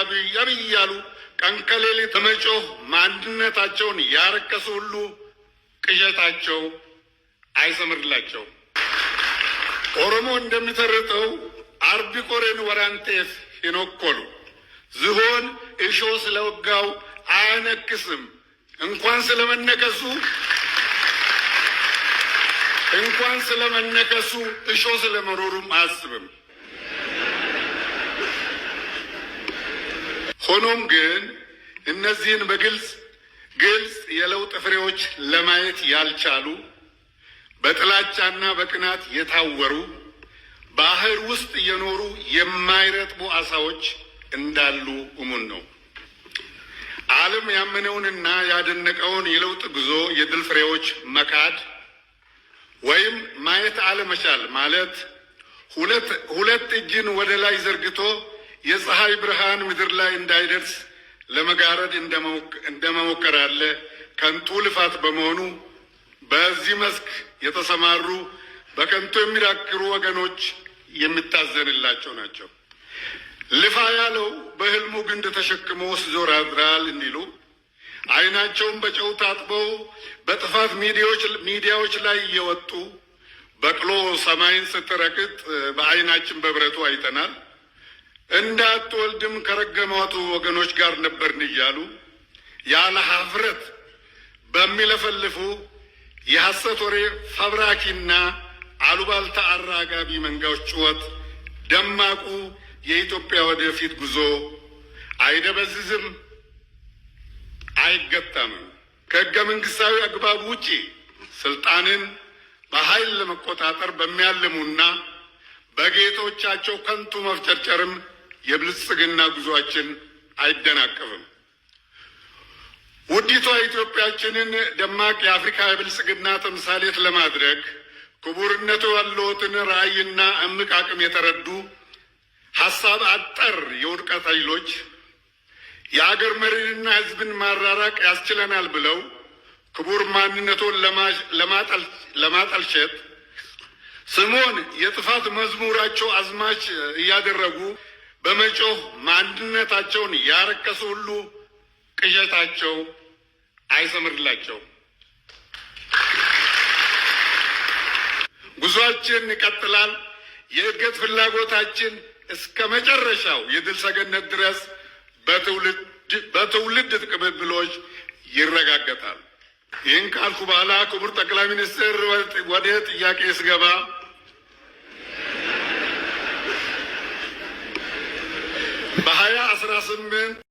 አብይ እያሉ ቀን ከሌሊት በመጮህ ማንነታቸውን ያረከሱ ሁሉ ቅዠታቸው አይሰምርላቸው። ኦሮሞ እንደሚተርጠው አርቢ ቆሬን ወራንቴፍ ይኖኮሉ ዝሆን እሾ ስለወጋው አያነክስም። እንኳን ስለመነከሱ እንኳን ስለመነከሱ እሾ ስለመኖሩም አያስብም። ሆኖም ግን እነዚህን በግልጽ ግልጽ የለውጥ ፍሬዎች ለማየት ያልቻሉ በጥላቻና በቅናት የታወሩ ባህር ውስጥ እየኖሩ የማይረጥቡ አሳዎች እንዳሉ እሙን ነው። ዓለም ያመነውንና ያደነቀውን የለውጥ ጉዞ የድል ፍሬዎች መካድ ወይም ማየት አለመቻል ማለት ሁለት እጅን ወደ ላይ ዘርግቶ የፀሐይ ብርሃን ምድር ላይ እንዳይደርስ ለመጋረድ እንደመሞከር ያለ ከንቱ ልፋት በመሆኑ በዚህ መስክ የተሰማሩ በከንቱ የሚዳክሩ ወገኖች የሚታዘንላቸው ናቸው። ልፋ ያለው በህልሙ ግንድ ተሸክሞ ሲዞር አድራል እንዲሉ አይናቸውን በጨው ታጥበው በጥፋት ሚዲያዎች ላይ እየወጡ በቅሎ ሰማይን ስትረግጥ በአይናችን በብረቱ አይተናል። እንዳትወልድም ከረገማቱ ወገኖች ጋር ነበርን እያሉ ያለ ሀፍረት በሚለፈልፉ የሐሰት ወሬ ፈብራኪና አሉባልታ አራጋቢ መንጋዎች ጩኸት ደማቁ የኢትዮጵያ ወደፊት ጉዞ አይደበዝዝም፣ አይገታምም። ከሕገ መንግሥታዊ አግባብ ውጪ ስልጣንን በኃይል ለመቆጣጠር በሚያልሙና በጌቶቻቸው ከንቱ መፍጨርጨርም የብልጽግና ጉዟችን አይደናቀፍም። ውዲቷ ኢትዮጵያችንን ደማቅ የአፍሪካ የብልጽግና ተምሳሌት ለማድረግ ክቡርነቱ ያለዎትን ራዕይና እምቅ አቅም የተረዱ ሀሳብ አጠር የውድቀት ኃይሎች የአገር መሪንና ሕዝብን ማራራቅ ያስችለናል ብለው ክቡር ማንነቱን ለማጠልሸት ስሙን የጥፋት መዝሙራቸው አዝማች እያደረጉ በመጮህ ማንነታቸውን ያረከሱ ሁሉ ቅዠታቸው አይሰምርላቸው። ጉዟችን ይቀጥላል። የእድገት ፍላጎታችን እስከ መጨረሻው የድል ሰገነት ድረስ በትውልድ ቅብብሎች ይረጋገጣል። ይህን ካልኩ በኋላ ክቡር ጠቅላይ ሚኒስትር ወደ ጥያቄ ስገባ በሀያ አስራ ስምንት